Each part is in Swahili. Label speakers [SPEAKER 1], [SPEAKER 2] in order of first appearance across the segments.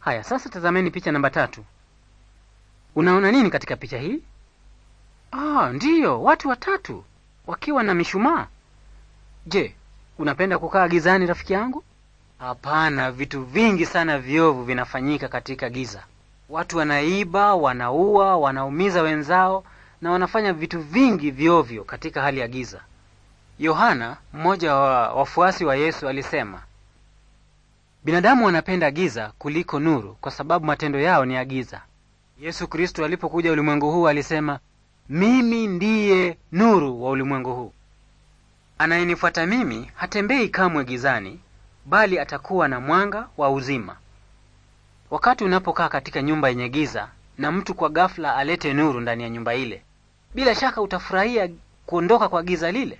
[SPEAKER 1] Haya, sasa tazameni picha namba tatu. Unaona nini katika picha hii? Ah, ndiyo, watu watatu wakiwa na mishumaa. Je, unapenda kukaa gizani rafiki yangu? Hapana, vitu vingi sana viovu vinafanyika katika giza. Watu wanaiba, wanaua, wanaumiza wenzao na wanafanya vitu vingi viovyo katika hali ya giza. Yohana, mmoja wa wafuasi wa Yesu, alisema Binadamu wanapenda giza kuliko nuru kwa sababu matendo yao ni ya giza. Yesu Kristo alipokuja ulimwengu huu alisema, mimi ndiye nuru wa ulimwengu huu, anayenifuata mimi hatembei kamwe gizani, bali atakuwa na mwanga wa uzima. Wakati unapokaa katika nyumba yenye giza na mtu kwa ghafla alete nuru ndani ya nyumba ile, bila shaka utafurahia kuondoka kwa giza lile.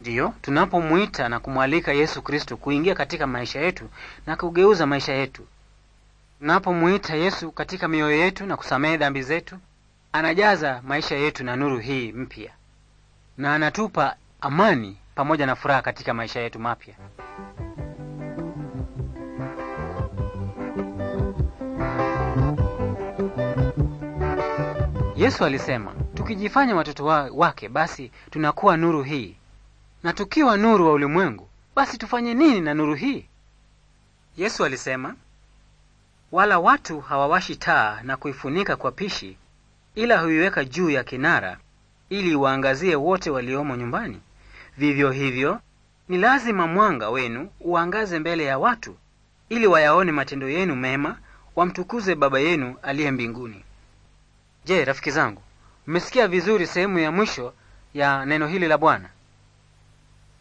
[SPEAKER 1] Ndiyo, tunapomwita na kumwalika Yesu Kristo kuingia katika maisha yetu na kugeuza maisha yetu. Tunapomwita Yesu katika mioyo yetu na kusamehe dhambi zetu, anajaza maisha yetu na nuru hii mpya, na anatupa amani pamoja na furaha katika maisha yetu mapya. Yesu alisema, tukijifanya watoto wake basi tunakuwa nuru hii na tukiwa nuru wa ulimwengu, basi tufanye nini na nuru hii? Yesu alisema, wala watu hawawashi taa na kuifunika kwa pishi, ila huiweka juu ya kinara, ili waangazie wote waliomo nyumbani. Vivyo hivyo ni lazima mwanga wenu uangaze mbele ya watu, ili wayaone matendo yenu mema, wamtukuze Baba yenu aliye mbinguni. Je, rafiki zangu, mmesikia vizuri sehemu ya mwisho ya neno hili la Bwana?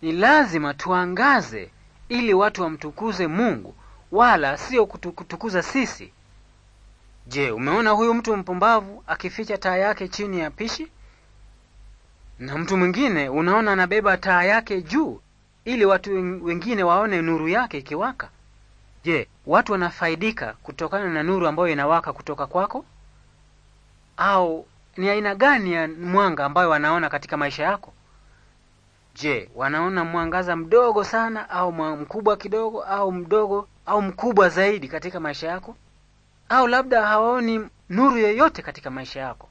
[SPEAKER 1] Ni lazima tuangaze ili watu wamtukuze Mungu, wala sio kutukuza sisi. Je, umeona huyu mtu mpumbavu akificha taa yake chini ya pishi, na mtu mwingine unaona anabeba taa yake juu ili watu wengine waone nuru yake ikiwaka? Je, watu wanafaidika kutokana na nuru ambayo inawaka kutoka kwako, au ni aina gani ya mwanga ambayo wanaona katika maisha yako? Je, wanaona mwangaza mdogo sana au mkubwa kidogo au mdogo au mkubwa zaidi katika maisha yako? Au labda hawaoni nuru yoyote katika maisha yako?